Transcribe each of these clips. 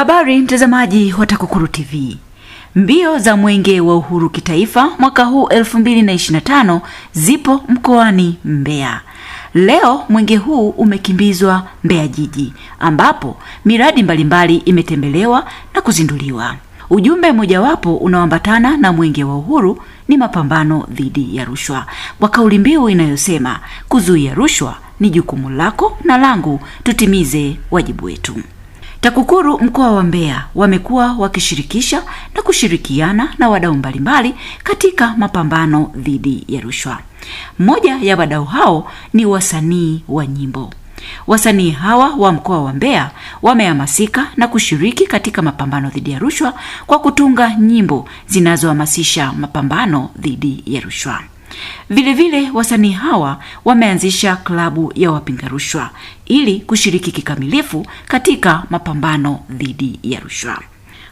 Habari mtazamaji wa TAKUKURU TV. Mbio za Mwenge wa Uhuru Kitaifa mwaka huu 2025 zipo mkoani Mbeya. Leo mwenge huu umekimbizwa Mbeya jiji ambapo miradi mbalimbali imetembelewa na kuzinduliwa. Ujumbe mojawapo unaoambatana na Mwenge wa Uhuru ni mapambano dhidi ya rushwa, kwa kauli mbiu inayosema kuzuia rushwa ni jukumu lako na langu, tutimize wajibu wetu. TAKUKURU mkoa wa Mbeya wamekuwa wakishirikisha na kushirikiana na wadau mbalimbali katika mapambano dhidi ya rushwa. Mmoja ya wadau hao ni wasanii wa nyimbo. Wasanii hawa wa mkoa wa Mbeya wamehamasika na kushiriki katika mapambano dhidi ya rushwa kwa kutunga nyimbo zinazohamasisha mapambano dhidi ya rushwa. Vilevile, wasanii hawa wameanzisha klabu ya wapinga rushwa ili kushiriki kikamilifu katika mapambano dhidi ya rushwa.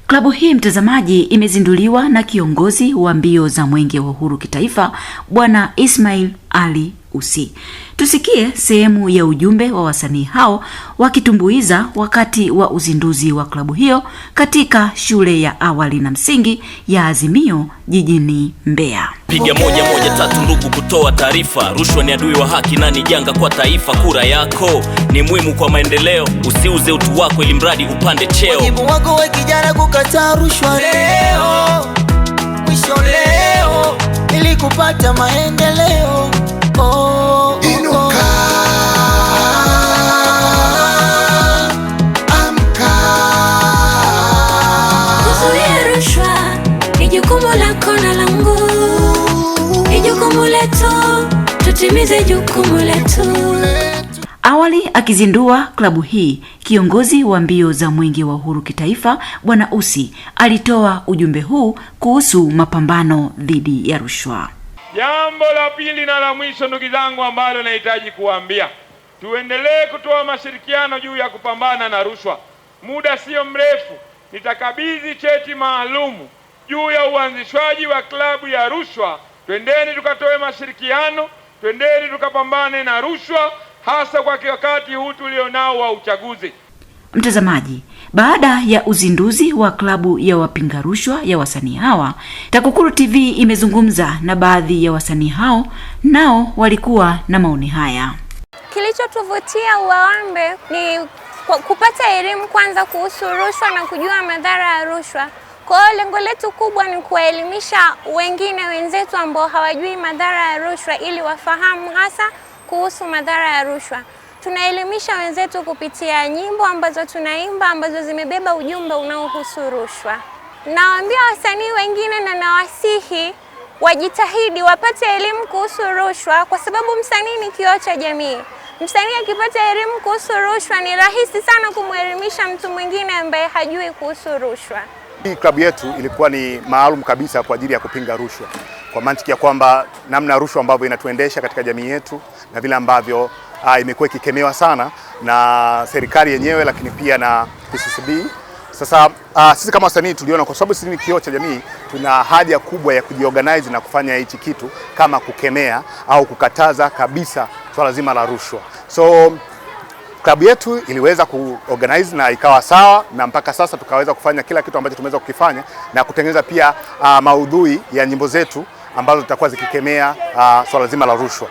Klabu hii mtazamaji, imezinduliwa na kiongozi wa mbio za Mwenge wa Uhuru kitaifa Bwana Ismail Ali usi. Tusikie sehemu ya ujumbe wa wasanii hao wakitumbuiza wakati wa uzinduzi wa klabu hiyo katika shule ya awali na msingi ya Azimio jijini Mbeya. Piga moja moja tatu ndugu, kutoa taarifa. Rushwa ni adui wa haki na ni janga kwa taifa. Kura yako ni muhimu kwa maendeleo, usiuze utu wako ili mradi upande cheo. wako wa kijana, kukataa rushwa leo mwisho leo, ili kupata maendeleo Awali akizindua klabu hii, kiongozi wa mbio za Mwenge wa Uhuru kitaifa Bwana usi alitoa ujumbe huu kuhusu mapambano dhidi ya rushwa. Jambo la pili na la mwisho, ndugu zangu, ambalo nahitaji kuwaambia, tuendelee kutoa mashirikiano juu ya kupambana na rushwa. Muda sio mrefu nitakabidhi cheti maalumu juu ya uanzishwaji wa klabu ya rushwa. Twendeni tukatoe mashirikiano, twendeni tukapambane na rushwa, hasa kwa wakati huu tulionao wa uchaguzi. Mtazamaji baada ya uzinduzi wa klabu ya wapinga rushwa ya wasanii hawa, TAKUKURU TV imezungumza na baadhi ya wasanii hao, nao walikuwa na maoni haya. Kilichotuvutia Uwawambe ni kupata elimu kwanza kuhusu rushwa na kujua madhara ya rushwa. Kwa lengo letu kubwa ni kuwaelimisha wengine wenzetu ambao hawajui madhara ya rushwa ili wafahamu hasa kuhusu madhara ya rushwa. Tunaelimisha wenzetu kupitia nyimbo ambazo tunaimba ambazo zimebeba ujumbe unaohusu rushwa. Nawaambia wasanii wengine na nawasihi wajitahidi wapate elimu kuhusu rushwa, kwa sababu msanii ni kioo cha jamii. Msanii akipata elimu kuhusu rushwa, ni rahisi sana kumwelimisha mtu mwingine ambaye hajui kuhusu rushwa. Hii klabu yetu ilikuwa ni maalum kabisa kwa ajili ya kupinga rushwa, kwa mantiki ya kwamba namna rushwa ambavyo inatuendesha katika jamii yetu na vile ambavyo uh, imekuwa ikikemewa sana na serikali yenyewe, lakini pia na PCCB. Sasa uh, sisi kama wasanii tuliona kwa sababu sisi ni kioo cha jamii, tuna haja kubwa ya kujiorganize na kufanya hichi kitu kama kukemea au kukataza kabisa swala zima la rushwa. So klabu yetu iliweza kuorganize na ikawa sawa, na mpaka sasa tukaweza kufanya kila kitu ambacho tumeweza kukifanya na kutengeneza pia uh, maudhui ya nyimbo zetu ambazo zitakuwa zikikemea uh, swala zima la rushwa.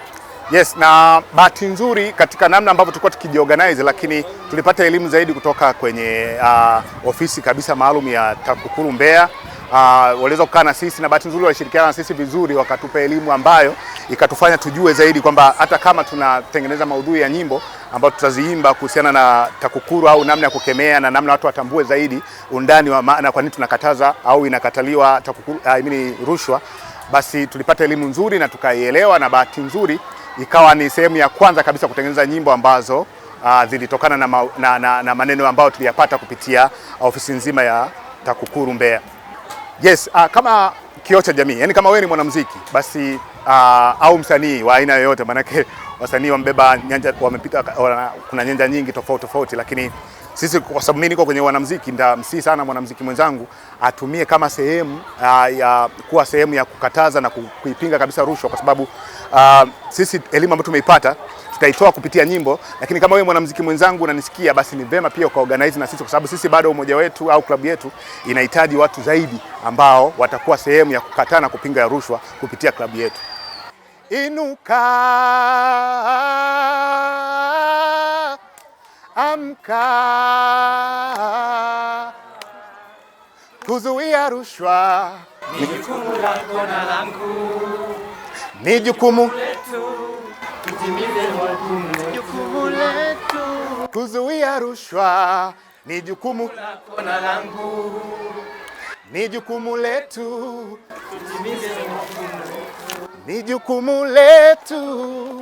Yes, na bahati nzuri katika namna ambavyo tulikuwa tukijiorganize, lakini tulipata elimu zaidi kutoka kwenye uh, ofisi kabisa maalum ya TAKUKURU Mbeya. Uh, waliweza kukaa na sisi na bahati nzuri walishirikiana na sisi vizuri, wakatupa elimu ambayo ikatufanya tujue zaidi kwamba hata kama tunatengeneza maudhui ya nyimbo ambayo tutaziimba kuhusiana na TAKUKURU au namna ya kukemea na namna watu watambue zaidi undani wa maana, kwa nini tunakataza au inakataliwa TAKUKURU, I mean rushwa, basi tulipata elimu nzuri na tukaielewa, na bahati nzuri ikawa ni sehemu ya kwanza kabisa kutengeneza nyimbo ambazo uh, zilitokana na, ma, na, na, na maneno ambayo tuliyapata kupitia ofisi nzima ya TAKUKURU Mbeya. Yes, uh, kama kioo cha jamii, yani kama wewe ni mwanamuziki basi uh, au msanii wa aina yoyote, maanake wasanii wamebeba nyanja, wamepita, kuna nyanja nyingi tofauti tofauti, lakini sisi kwa sababu mimi niko kwenye wanamuziki, ndamsii sana mwanamuziki mwenzangu atumie kama sehemu uh, ya kuwa sehemu ya kukataza na kuipinga kabisa rushwa, kwa sababu uh, sisi elimu ambayo tumeipata tutaitoa kupitia nyimbo, lakini kama wewe mwanamuziki mwenzangu unanisikia, basi ni vema pia organize na sisi, kwa sababu sisi bado umoja wetu au klabu yetu inahitaji watu zaidi ambao watakuwa sehemu ya kukataa na kupinga ya rushwa kupitia klabu yetu. Inuka amka, kuzuia rushwa ni jukumu lako na langu, ni jukumu letu, tutimize jukumu letu. Kuzuia rushwa ni jukumu lako na langu, ni jukumu letu, tutimize jukumu letu, ni jukumu letu